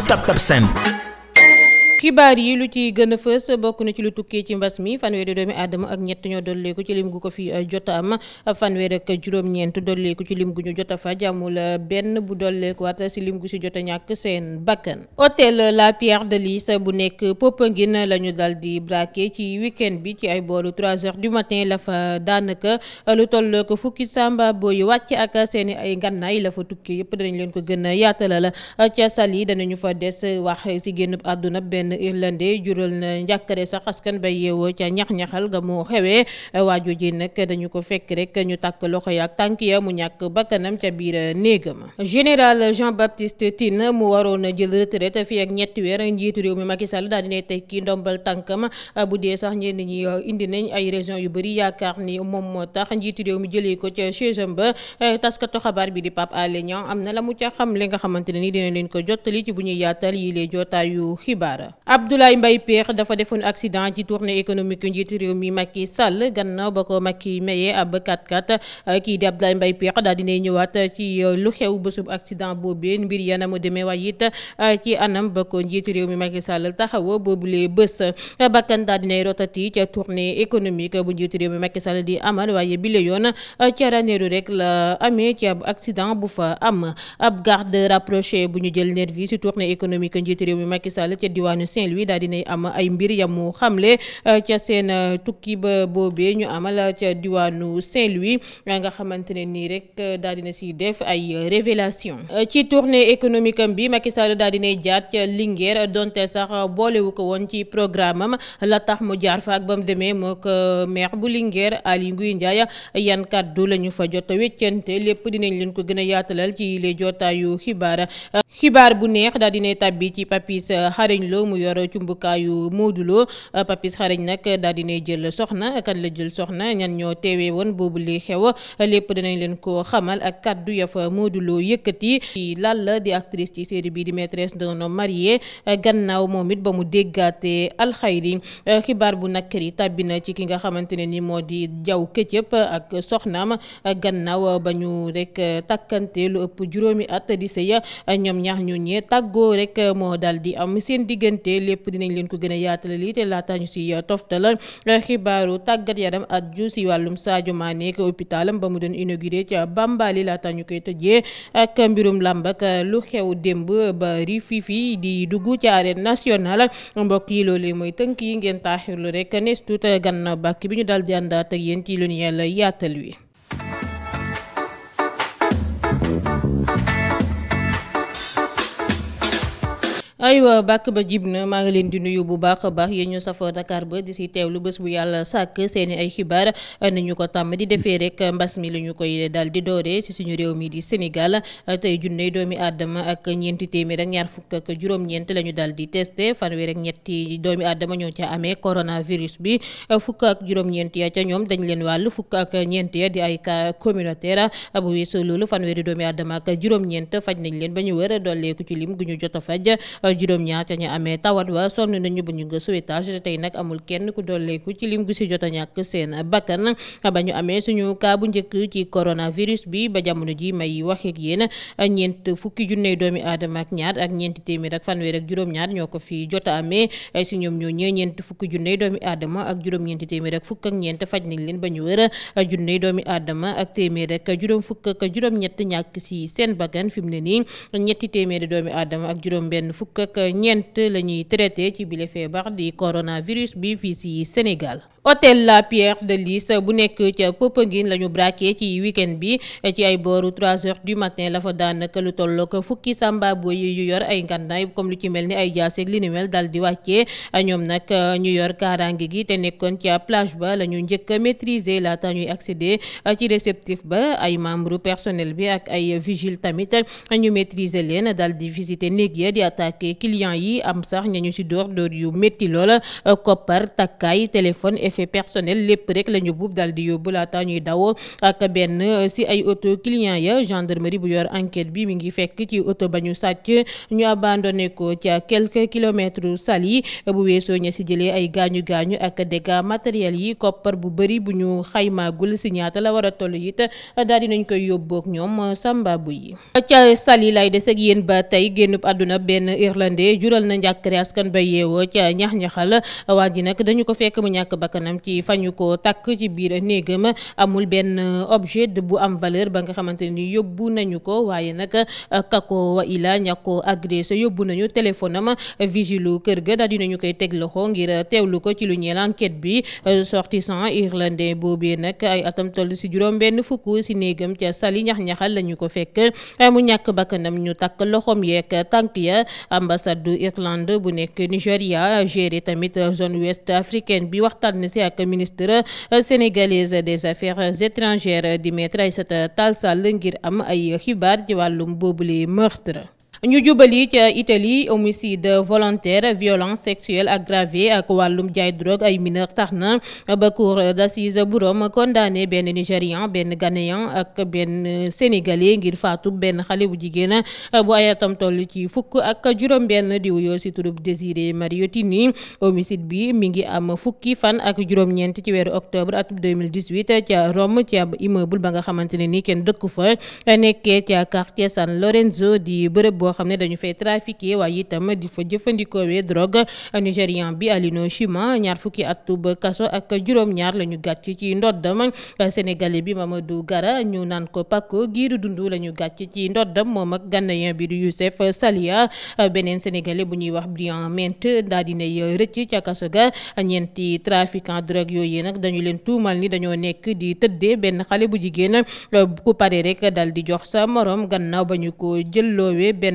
ci Tab Tab xibaar yi lu ci gën a fës bokk na ci lu tukkee ci mbas mi fanweeri doomi aadama ak ñett ñoo dolleeku ci lim gu ko fi eh, jot a am fanweer ak juróom-ñeent dolleeku ci lim gu ñu jot a fa jàmmul eh, benn bu dolleekuwaat si lim gu si jot ñàkk seen bakkan hôtel La Pierre de Lys bu nekk Popenguine la ñu dal di braqué ci week-end bi ci ay booru 3 heures du matin la fa daanaka eh, lu toll ko fukki samba booy wàcc ak seen ay ngànnaay la fa tukkee yëpp danañ leen ko gën a yaatalal ca sal yi danañu fa des wax si génn àdduna benn benn irlandais jural na njàkkare sax askan ba yeewoo ca ñax-ñaxal nga moo xewee waa ji nag dañu ko fekk rek ñu takk loxo ya ak tànk ya mu ñàkk bakkanam ca biir néegam général Jean Baptiste Tine mu waroon a jël retraite fii ak ñetti weer njiitu réew mi Macky Sall daal dinay tekki ndombal tànkam bu dee sax ñenn ñi indi nañ ay raison yu bëri yaakaar ni moom moo tax njiitu réew mi jële ko ca chaise ba taskatu xabaar bi di Pape Alé Niang am na la mu ca xam li nga xamante ne ni dina leen ko jottali ci bu ñuy yaatal yi lee jootaayu xibaar Abdoulaye Mbaye Pekh dafa defoon accident ci tournée économique njiitu réew mi Macky Sall gannaaw ba ko Macky mayee ab 4-4 euh, kii di Abdoulaye Mbaye daal dinay ñëwaat ci euh, lu xew bésub accident boobee mbir ya na mu demee waaye euh, ci anam ba ko réew mi Macky Sall taxawa boobulee bés bakkan daal dinay bu njiitu réew mi Macky Sall di amal waaye bi yoon ca Ranérou rek la amee ci ab accident bu fa am ab garde rapproché bu ñu jël nervi ci tournée économique njiitu réew mi Macky Sall ca diwaanu Saint-Louis daal dinay am ay mbir yamu xamle euh, ca seen euh, tukki ba boobee ñu amal euh, ca diwaanu Saint-Louis nga xamante ne nii rek daal dina si def ay révélation ci tournée économique am bi Macky Sall daal dinay jaar ca Linguère donte sax boolewu ko woon ci programme am la tax mu jaar fa ak ba mu demee moo ko maire bu Linguère Aly Ngouille Ndiaye yan kàddu la ñu fa jot a weccante lépp dinañ leen ko gën a yaatalal ci les jotaayu xibaar xibaar bu neex daal dinay tàbbi ci Papis Xarañ Lo yor cumbukaayu Modou Lo Papis Xarañ nag daal dinay jël soxna kan la jël soxna ñan ñoo teewee woon boobu li xew lépp dinañ leen ko xamal ak kaddu ya fa Modou Lo yëkkati ci Lalla di actrice ci série bi di maîtresse d'un homme marié gannaaw moom it ba mu déggaate alxayri xibaar bu nakkari tàbbi na ci ki nga xamante ne ni moo di jaw këccëb ak soxnaam gannaaw ba ñu rek takkante lu ëpp juróomi at di sëy ñoom ñaar ñu ñee tàggoo rek moo daal di am seen diggante lépp dinañ leen ko gën a yaatalali te laata ñu si uh, la uh, xibaaru tàggat yaram at ju si wàllum Sadio Mané ak hôpitalam ba mu doon inauguré ca Bambali laata ñu koy tëjee ak mbirum làmb ak uh, lu xew démb ba ri fii di dugg ca arène nationale mbokk yi loolu mooy tënk yi ngeen taaxirlu rek nees tuut ganna bàkk bi ñu daal jàndaa àndaat ak yéen ci lu ñu yàlla yaatal wi aywa bàkk ba jib na maa ngi leen di nuyu bu baax a baax yéen ñu safoo Dakar ba di si teewlu bés bu yàlla sàkk seeni ay xibaar ni ñu ko tàmm di defee rek mbas mi la ñu koy daal di dooree si suñu réew mi di Sénégal tey junney doomi aadama ak ñeenti téeméer ñaar fukk juróom-ñeent la ñu daal di testé fanweer ak ñetti doomi aadama ñoo ca amee coronavirus bi fukk ak juróom-ñeent ya ca ñoom dañ leen wàll fukk ak ñeent ya di ay cas communautaire bu weesoo loolu fanweeri doomi aadama ak juróom-ñeent faj nañ leen ba ñu wër dolleeku ci lim gu ñu jot a faj juróom-ñaar te ñu amee tawat wa sonn nañu ba ñu nga sauvetage te tey nag amul ku dolleeku ci lim gu si jot a ñàkk seen bakkan ba ñu amee bu njëkk ci coronavirus bi ba jamono ji may wax ak yéen ñeent fukki junney doomi aadama ak ñaar ak ñeenti téeméer ak fanweer ak juróom-ñaar ñoo ko fi jot a amee si ñoom ñoo ñee ñeent fukki junney doomi aadama ak juróom-ñeenti téeméer ak fukk ak ñeent faj nañ leen ba ñu wër junney doomi aadama ak téeméer ak juróom fukk ak juróom si seen bakkan fi mu ne nii ñetti téeméeri doomi aadama ak ñeent la ñuy traité ci bile feebar di coronavirus bi fii ci Sénégal. hôtel la Pierre de Lys bu nekk ca Popenguine la ñu braqué ci week bi ci ay booru 3 heures du matin la fa daanaka lu tollook fukki samba boy yu yor ay ngandaay comme lu ci mel ni ay jaaseeg li ni mel dal di wàccee ñoom nag ñu yor kaaraange gi te nekkoon ca plage ba la ñu njëkk a maîtriser laata ñuy accéder ci réceptif ba ay membre personnel bi ak ay vigile tamit ñu maîtriser leen dal di visiter néeg ya di attaquer clients yi am sax ñañu ci door door yu métti lool effet personnel lépp rek la ñu buub daal di yóbbu laata ñuy dawoo ak benn si ay auto client ya gendarmerie bu yor enquête bi mi ngi fekk ci auto ba ñu sàcc ñu abandonné ko ci quelques kilomètres Saly bu weesoo ña si jëlee ay gaañu gaañu ak dégâts matériels yi koppar bu bari bu ñu xaymaagul si ñaata la war a toll it daal dinañ koy yóbbook ñoom Samba bu yi ca Saly lay des ak ba tey génnub àdduna benn irlandais jural na njàkkare askan ba yeewoo ca ñax bakkanam ci fañu ko takk ci biir néegam amul benn objet bu am valeur ba nga xamante ni yóbbu nañu ko waaye nag kako wa ñakko ña ko yóbbu nañu téléphone am vigilu kër ga daal dinañu koy teg loxo ngir teewlu ko ci lu ñeel enquête bi sortissant irlandais boobee nag ay atam toll si juróom benn fukk si néegam ca sali ñax-ñaxal lañu ko fekk mu ñàkk bakkanam ñu takk loxom yeeg tànk ya ambassade du bu nekk Nigéria géré tamit zone ouest africaine si ak ministre euh, sénégalaise des affaires étrangères di maître Aïssata Tall Sall ngir am ay xibaar ci wàllum boobule meurtre. ñu jubali ca Italie homicide volontaire violence sexuelle aggravée ak wàllum jaay drogue ay mineur tax na ba cour d'assises bu Rome condamné benn nigérian benn ghanéen ak benn sénégalais ngir faatu benn xale bu jigéen bu ayatam toll ci fukk ak juróom-benn diw wuyoo si turub Désiré Mariottini homicide bi mi ngi am fukki fan ak juróom-ñeent ci weeru octobre atum 2018 ca Rome ci ab immeuble ba nga xamante ne ni kenn dëkku fa nekkee ca quartier San Lorenzo di bërëb boo xam ne dañu fay trafiqué waaye itam di fa jëfandikoowee drogue nigérian bi Alino Chima ñaar fukki atub kaso ak juróom-ñaar la ñu gàcc ci ndoddam sénégalais bi ma ma Mamadou Gara ñu naan ko Paco giiru dundu lañu ñu gàcc ci ndoddam moom ak ghanéen bi du Youssef Salia beneen sénégalais bu ñuy wax Brian Mente daa dinay rëcc ca kaso ga ñeenti trafiquant drogue yooyu nag dañu leen tuumal ni dañoo nekk di tëddee benn xale bu jigéen ku pare rek dal di jox sa morom gannaaw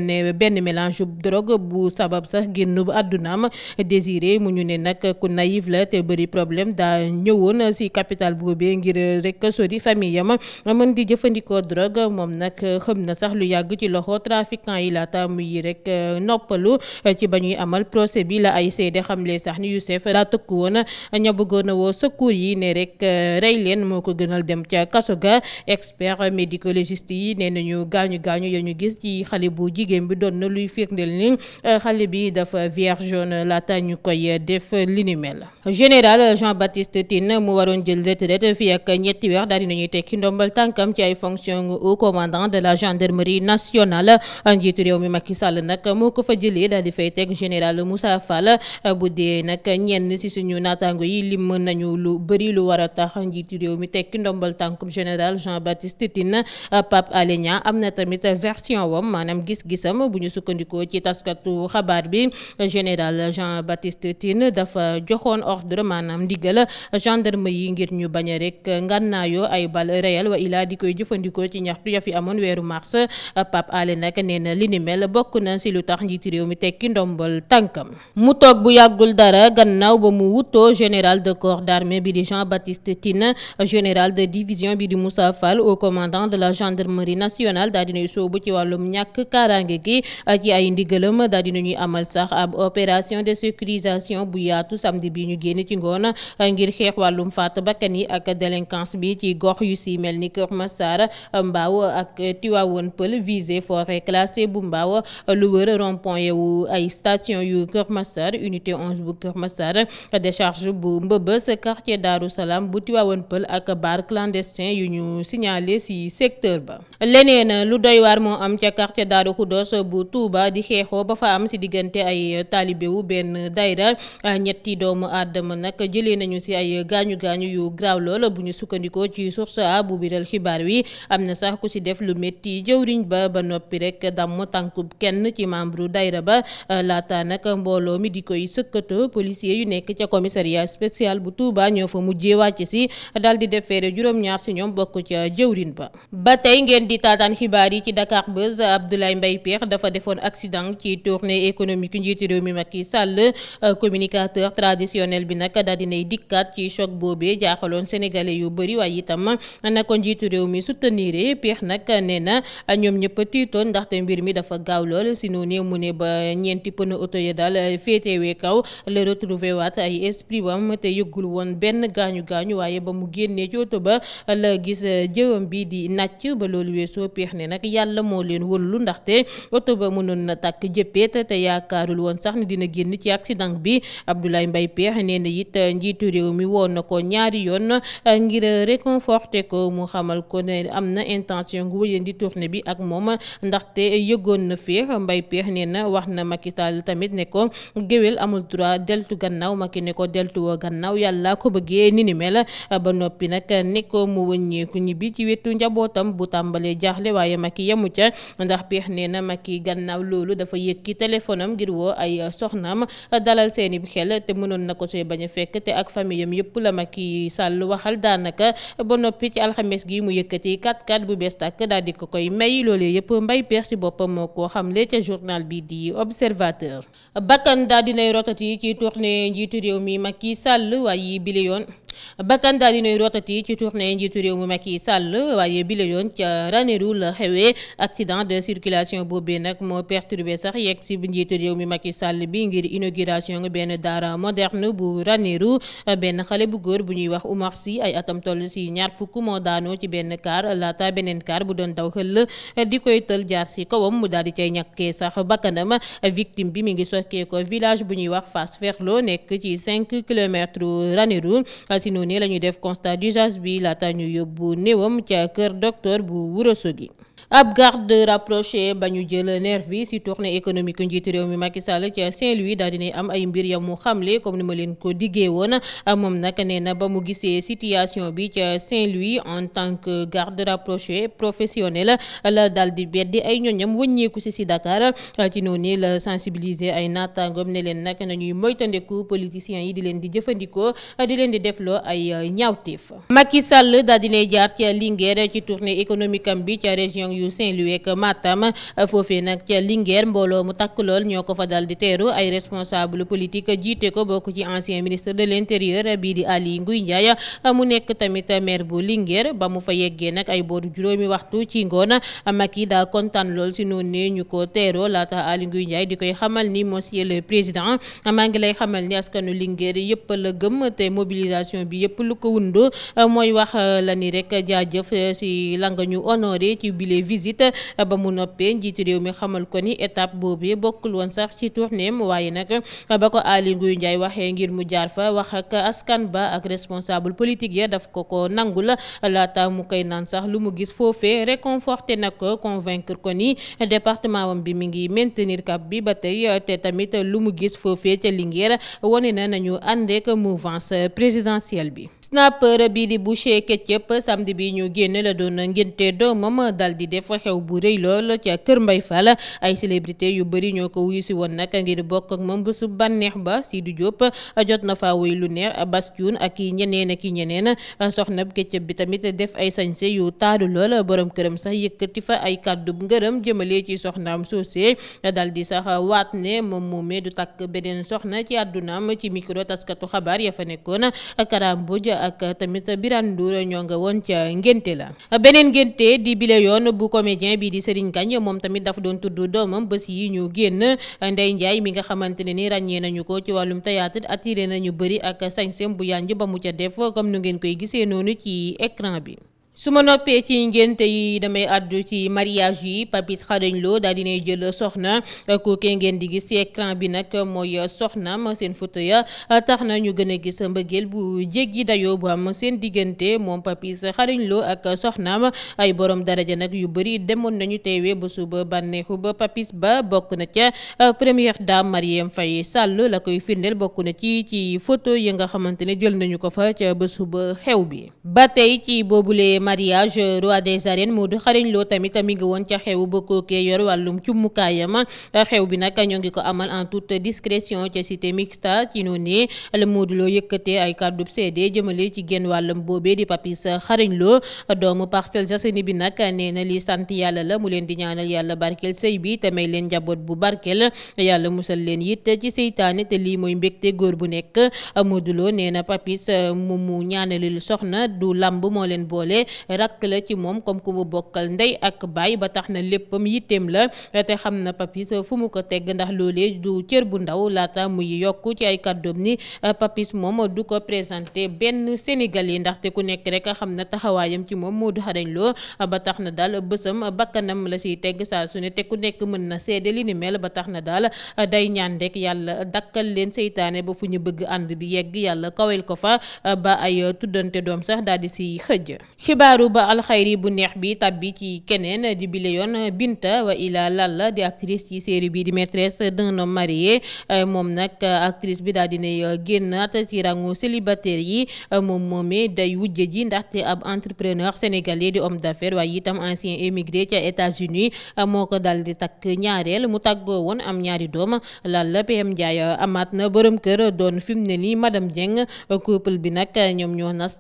ne benn mélange drogue bu sabab sax génn bu àddunaam désiré mu ñu ne nag ku naïf la te bëri problème daa ñëwoon si capital boobee ngir rek sori famille am man di jëfandikoo drogue moom nag xëm na sax lu yàgg ci loxo trafiquant yi laata muy rek euh, noppalu ci ba ñuy amal procès bi la ay seede xamle sax ni Youssef daa tëkk woon ña bëggoon a woo secours yi ne rek euh, rey leen moo ko gënal dem ca kaso ga expert médicologiste yi nee nañu gaañu gaañu ya ñu liggéeyam bi doon na luy firndeel ni euh, xale bi dafa vierge laata ñu koy def li ni mel. général Jean-Baptiste Tine mu waroon jël retraite fii ak ñetti weer daal di nañuy tekki ndombal tànkam ci ay fonction au commandant de la gendarmerie nationale njiitu réew mi Macky Sall nag moo ko fa jëlee daal di fay teg général Moussa Fall bu dee nag ñenn ci suñu naataango yi lim nañu lu bëri lu war a tax njiitu réew mi tekki ndombal tànkum général Jean-Baptiste Tine Pape Alé am am bu ñu sukkandikoo ci taskatu xabaar bi général Jean Baptiste Tine dafa joxoon ordre maanaam ndigal gendarme yi ngir ñu bañ a rek ngànnaayoo ay balles réelles wa ilaa di koy jëfandikoo ci ñaxtu ya fi amoon weeru mars Pape Alé nag nee na li ni mel bokk na si lu tax njiiti réew mi tekki ndombal tànkam mu toog bu yàggul dara gannaaw ba mu wutoo général de corps d'armée bi di Jean Baptiste Tine général de division bi di musa Fall au commandant de la gendarmerie nationale daa kaaraange gi ah, ci ay ndigalam daal dinañuy amal sax ab opération de sécurisation bu yaatu samedi bi ñu génn ci ngoon ah, ngir xeex wàllum faat bakkan yi ak délinquance bi ci gox yu si mel ni Kër Massar ah, Mbaaw ak Tiwaawoon Pël visé forêt classée bu Mbaaw lu wër rond-point ay station yu Kër Massar unité 11 bu Kër Massar décharge bu Mbëbës quartier Daaru Salaam bu Tiwaawoon Pël ak bar clandestin yu ñu signalé si secteur ba leneen lu doy waar moo am ca quartier Daaru Xudo Xuddoos bu Touba di xeexoo ba fa am si diggante ay taalibe wu benn dayra ñetti doomu aadama nag jëlee nañu si ay gaañu gaañu yu graaw lool bu ñu sukkandikoo ci source a bu biral xibaar wi am na sax ku si def lu métti jëwriñ ba ba noppi rek damm tànkub kenn ci membre dayra ba laata nag mbooloo mi di koy sëkkatoo policier yu nekk ca commissariat spécial bu Touba ñoo fa mujjee wàcc si daal di defeere juróom-ñaar si ñoom bokk ca jëwriñ ba ba tey ngeen di taataan xibaar yi ci Dakar Buzz Kébémer dafa defoon accident ci tournée économique njiitu réew mi Macky Sall euh, communicateur traditionnel bi nag daal dinay dikkaat ci choc boobee jaaxaloon sénégalais yu bëri waaye itam na ko njiitu réew mi soutenir Pierre nag nee na ñoom ñëpp tiitoon ndaxte mbir mi dafa gaaw lool si noonu mu ne ba ñeenti pneu oto ya daal féetewee kaw la retrouvé waat ay esprit wam te yëggul woon benn gaañu gaañu waaye ba mu génnee ci oto ba la gis jëwam bi di nàcc ba loolu weesoo Pierre ne nag yàlla moo leen wëllu ndaxte oto ba mënoon na tàkk jëppeet te yaakaarul woon sax ni dina génn ci accident bi Abdoulaye Mbaye Pekh nee na it njiitu réew mi woon na ko ñaari yoon ngir réconforter ko mu xamal ko ne am na intention gu wëyeen di tournée bi ak moom ndaxte yëgoon na fee mbay peex nee na wax na Macky Sall tamit ne ko géwél amul droit deltu gannaaw ki ne ko deltuwoo gannaaw yàlla ko bëggee ni ni mel ba noppi nag ne mu wëññeeku ñibbi ci wetu njabootam bu tàmbalee jaaxle ma Macky gannaaw loolu dafa yëg ki téléphone am ngir woo ay euh, soxnaam euh, dalal seeni xel te mënoon na ko see bañ a fekk te ak famille am yëpp la Macky Sall waxal daanaka ba noppi ci alxemes gi mu yëkkati 4-4 bu bees tàkk daal di ko koy may loolee yëpp mbay peex si boppam moo koo xamle ca journal bi di observateur bakkan daal dinay rotati ci tournée njiitu réew mi Macky Sall waaye bile yoon bakkan daal di nuy rotati ci tournée njiitu réew mi Macky Sall waaye bi la yoon ca Ranérou la xewee accident de circulation boobee nag moo perturbé sax yegg si njiitu réew mi yi sàll bi ngir inauguration nga benn daara moderne bu Ranérou benn xale bu góor bu ñuy wax Oumar si ay atam toll si ñaar fukk moo daanoo ci benn kaar laata beneen kaar bu doon daw xëll di koy tël jaar si kawam mu daal di cay ñàkkee sax bakkanam victime bi mi ngi sokkee ko village bu ñuy wax Fass Ferlo nekk ci 5 kilomètres si noonu la ñu def constat d'usage bi laata ñu yóbbu néewam ca kër docteur bu Ourossogui ab garde rapproché ba ñu jël nervi ci tournée économique njiitu réew mi Macky Sall ca Saint-Louis daal dinay am ay mbir ya mu xamle comme ni ma leen ko diggee woon moom nag nee na ba mu gisee situation bi ca Saint-Louis en tant que garde rapproché professionnel la daal di beddi ay ñoñam wëññeeku si si Dakar ci noonu la sensibiliser ay naataangoom ne leen nag nañuy moytandeku politiciens yi di leen di jëfandikoo di leen di defloo ay ñaawteef Macky Sall région yu Saint-Louis ak Matam foofee nag ca Linguère mbooloo mu takk lool ñoo ko fa dal di teeru ay responsable politique jiite ko bokk ci ancien ministre de l'intérieur bii di Aly Ngouille Ndiaye mu nekk tamit maire bu Linguère ba mu fa yeggee nag ay booru juróomi waxtu ci ngoon Macky daa kontaan lool si noonu ne ñu ko teeroo laata Aly Ngouille Ndiaye di koy xamal ni monsieur le président maa ngi lay xamal ni askanu Linguère yëpp la gëm te mobilisation bi yëpp lu ko wund mooy wax la ni rek jaajëf si la nga ñu honoré ci bile euh, ba mu noppee njiitu réew mi xamal ko ni étape boobee bokkul woon sax ci tournéem waaye nag euh, ba ko Aly Ngouille Ndiaye waxee ngir mu jaar fa wax ak askan ba ak responsable politique ya daf ko ko la laata mu koy naan sax lu mu gis foofee réconforté na ko convaincre ko ni département wam bi mu ngi maintenir cap bi ba tey euh, te tamit lu mu gis foofee ca Linguère wane na nañu àndeek mouvance présidentielle bi snapper bii di Boucher Ketchup samedi bi ñu génn la doon ngénte doomam dal di def xew bu rëy lool ca Kër Mbay Fall ay célébrité yu bëri ñoo ko wuyu si woon nag ngir bokk ak moom bésu bànneex ba Sidy Diop jot na faa lu neex Bass Thioune ak i ñeneen ak i ñeneen soxna Ketchup bi tamit def ay sañse yu taaru lool borom këram sax yëkkati fa ay kàddu ngërëm jëmale ci soxnaam soosee dal di sax waat ne moom moomee du takk beneen soxna ci àddunaam ci micro taskatu xabaar ya fa nekkoon Kara Mbodj ak tamit Birane Ndour ñoo nga woon ca ngénte la beneen ngénte di bile yoon bu comédien bi di Serigne Kañ moom tamit dafa doon tudd doomam bés yi ñu génn Ndeye njaay mi nga xamante ne ni ràññee nañu ko ci wàllum théâtre attiré nañu bëri ak sañseem bu yànj ba mu ca def comme nu ngeen koy gisee noonu ci écran bi su ma noppee ci ngénte yi damay àddu ci mariage yi Papis Xarañ loo daal dinay jël soxna kookee ngeen di gis ci écran bi nag mooy soxna soxnaam seen photo ya tax na ñu gën a gis mbëggeel bu yi dayoo bu am seen diggante moom Papis Xarañ Lo ak ma ay borom daraja nag yu bëri demoon nañu teewee ba suba ba Papis ba bokk na ca euh, première dame Marième fay Sall la koy firndeel bokk na ci ci photo yi nga xamante ne jël nañu ko fa ca ba xew bi mariage euh, roi des arènes Modou Xarañ Lo tamit mi ngi woon ca xew ba kookee yor wàllum cummukaayam xew bi nag ñoo ngi ko amal en toute discrétion ca cité mixta ci noonu ne la Modou Lo yëkkatee ay kàddub seede jëmale ci genn wàllam boobee di Papis Xarañ loo doomu Parcelles Assainies bi nag nee na li sant yàlla la mu leen di ñaanal yàlla barkeel sëy bi te may leen njaboot bu barkeel yàlla musal leen it ci seytaane te lii mooy mbégte góor bu nekk Modou Lo nee na Papis euh, mu mu soxna du lamb moo leen boole rakk la ci moom comme ku mu bokkal ndey ak baay ba tax na léppam yitteem la te xam na papis fu mu ko teg ndax loole du cër bu ndaw laata muy yokk ci ay kàddoom ni euh, papis moom du ko présenté benn sénégalais ndaxte ku nekk rek xam na taxawaayam ci moom moo Modou Xarañ loo ba tax na daal bësam bakkanam la siy teg saa su ne te ku nekk mën na seede li ni mel ba tax na daal day ñaan rek yàlla dakkal leen seytaane ba fu ñu bëgg ànd bi yegg yàlla kawel ko fa doom sax xibaaru ba alxayri bu neex bi tàbbi ci keneen di bile yoon Binta wa ila Lalla di actrice ci série bi di maîtresse d'un homme euh, moom nag actrice bi daal dinay euh, génnaat ci rangu célibataire yi euh, moom moomee day wujje ji ndaxte ab entrepreneur sénégalais di homme d'affaires waaye itam ancien émigré ca États-Unis moo ko daal di takk ñaareel mu tàggoo woon am ñaari doom Lalla PM Ndiaye amaat na borom kër doon fi mu ne nii madame Dieng couple bi nag ñoom ñoo nas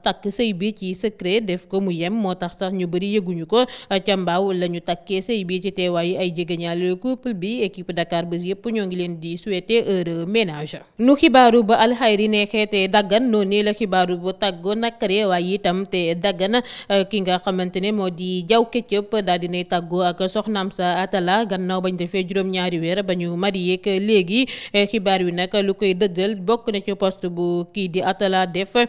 yem moo tax sax ñu bëri yëguñu ko ca mbaaw la ñu takkee sëy bi ci teewaayu ay jegeñaale couple bi équipe Dakar Buzz yëpp ñoo ngi leen di souhaiter heureux ménage nu xibaaru ba alxayri neexee te daggan noonu la xibaaru ba tàggoo nakare waaye itam te daggan eh, ki nga xamante ne moo di jaw keccëp daal dinay tàggoo ak soxnaam sa atala gannaaw bañ defee juróom-ñaari weer ba ñu marié ak léegi eh, xibaar wi nag lu koy dëggal bokk na ci poste bu kii di atala def eh,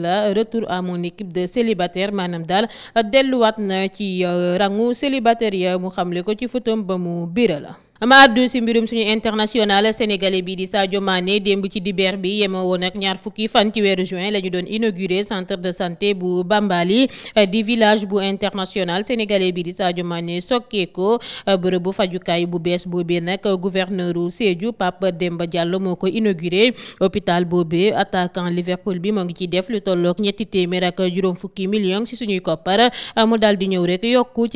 la retour à mon équipe de célibataire maanaam daal delluwaat na ci euh, rangu célibataire ya mu xamle ko ci fotoom ba mu bira la ma àddu si mbirum suñu international sénégalais bi di Sadio Mané démb ci dibeer bi yemoo woon ak ñaar fukki fan ci weeru juin la ñu doon inauguré centre de santé bu Bambali eh, di village bu international sénégalais bii di Sadio Mané sokkee ko eh, bërëb bu fajukaay bu bees boobe nag gouverneur u Sédhiou Pape Demba Diallo moo ko inauguré hôpital boobee attaquant Liverpool bi moo ngi ci def lu tollook ñetti téeméer ak juróom fukki millions ci suñuy koppar eh, mu daal di ñëw rek yokku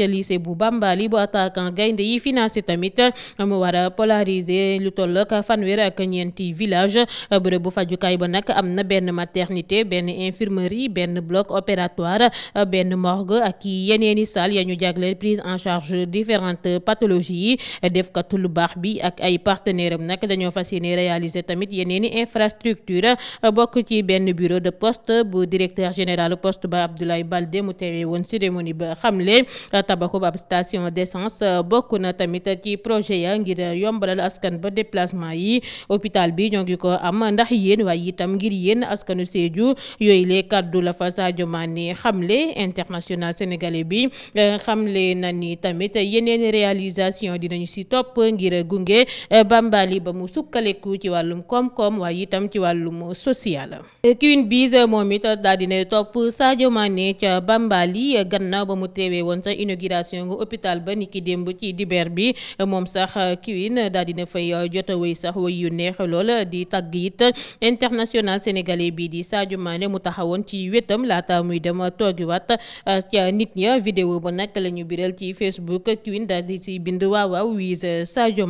mu war a polariser lu toll ak fanweer ak ñeenti village bërëb bu fajukaay ba nag am na benn maternité benn infirmerie benn bloc opératoire benn morgue ak yeneeni salle ya ñu jagleel prise en charge différentes pathologies yi defkatu lu baax bi ak ay partenaire am nag dañoo fas yéene réaliser tamit yeneeni infrastructure bokk ci benn bureau de poste bu directeur général poste ba Abdoulaye Baldé mu teewee woon cérémonie ba xamle tabaxub ab station d'essence bokk na tamit ci projet ya ah ngir eh, yombalal askan ba déplacement yi hôpital bi ñoo ngi ko am ndax yéen waaye itam ngir yéen askanu Sédhiou yooyu le kaddu la fa Sadio Mané xamle international sénégalais bi eh, xamle na ni tamit yeneen réalisation dinañu si topp ngir a gunge eh, Bambali ba mu sukkaleku ci wàllum koom-koom waaye itam ci wàllum social. Queen Biz moom it daal topp Sadio ca Bambali gannaaw ba mu teewee woon sa inauguration hôpital ba niki démb ci dibeer bi moom ndax kiwin euh, daal dina fay euh, jot a sax wéy yu neex lool di tagg it international sénégalais bii di Sadio Mané mu taxawoon ci wetam laata muy dem toogiwaat euh, ca nit ña vidéo ba nag la ñu biral ci Facebook kiwin daal di si bind waawaaw waaw wii Sadio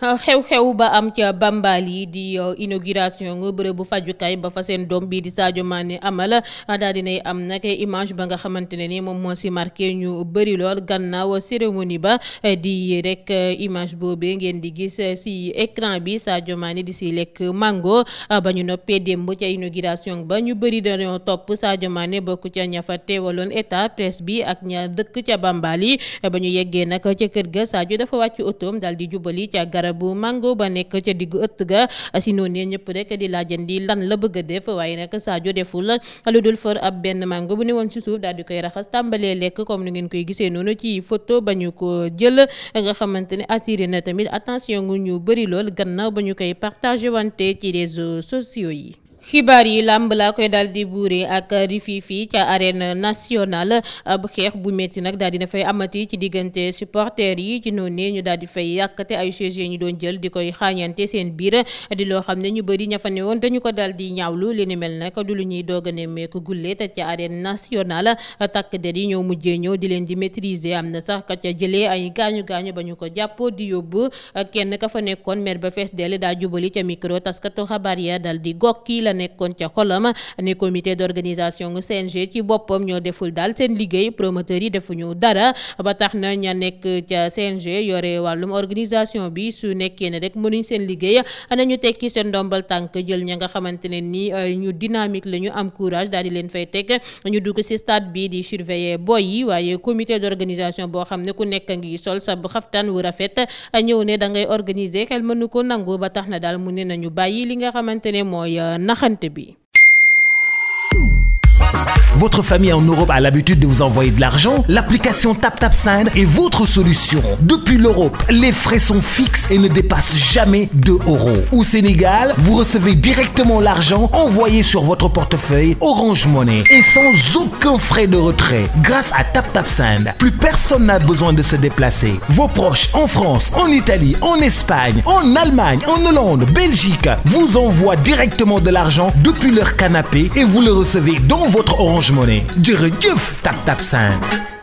Ah, xew-xew ba am ca bambal yi di euh, inauguration bërëbu fajukaay ba fa seen doom bii di Sadio Mané amal ah, daal dinay am nag image ba nga xamante ne ni moom moo si marqué ñu bëri lool gannaaw cérémonie ba eh, di rek euh, image boobee ngeen di gis euh, si écran bi Sadio Mané di si lekk mango ah, ba ñu noppee démb ca inauguration ba ñu bëri dañoo topp Sadio Mané bokk ca ña fa teewaloon état presse bi ak ña dëkk ca bambaal yi eh, ba ñu yeggee nag ca kër ga Sadio dafa wàcc otoom daal di jubali ca garab daara bu mango ba nekk ca diggu ëtt ga si noonu ñëpp rek di laajandi lan la bëgg a def waaye nag Sadio la lu dul fër ab benn mango bu ne woon ci suuf daal di koy raxas tàmbalee lekk comme ni ngeen koy gisee noonu ci photo ba ñu ko jël nga xamante ne attire na tamit attention gu ñu bëri lool gannaaw ba ñu koy partagé wante ci réseaux sociaux yi. xibaar yi làmb laa koy daal di buure ak rififi ca arène nationale euh, bu xeex bu metti nag daal dina fay amati ci diggante supporters yi ci noonu ne ñu daal di fay yàkkate ay chaises ñu doon jël di koy xaañante seen biir di loo xam ne ñu bëri ña fa ne woon dañu ko daal di ñaawlu li ni mel nag du lu ñuy doog a nemmeeku gulle te ca arène nationale takk der yi ñoo mujjee ñëw di leen di maîtriser am na sax ka ca jëlee ay gaañu gaañu ba ñu ko jàppoo di yóbbu kenn ka fa nekkoon mer ba fees dell daa jubali ca micro taskatu xabaar la nekkoon ca xolam ne comité d'organisation CNG ci boppam ñoo deful daal seen liggéey promoteurs yi defuñu dara ba tax na ña nekk ca CNG yore wàllum organisation bi su nekkee ne rek mënuñ seen liggéey nañu tekki seen ndombal tànk jël ña nga xamante ne ni euh, ñu dynamique la ñu am courage daal di leen fay teg ñu dugg ci stade bi di surveiller boy yi waaye comité d'organisation boo xam ne ku nekk ngi sol sa xaftaan wu rafet ñëw ne da ngay organiser xel mënu ko naxante bi Votre famille en Europe a l'habitude de vous envoyer de l'argent. L'application TapTapSend est votre solution. Depuis l'Europe, les frais sont fixes et ne dépassent jamais 2 euros. Au Sénégal, vous recevez directement l'argent envoyé sur votre portefeuille Orange Money et sans aucun frais de retrait. Grâce à TapTapSend, plus personne n'a besoin de se déplacer. Vos proches en France, en Italie, en Espagne, en Allemagne, en Hollande, Belgique vous envoient Orange Money tap tap 5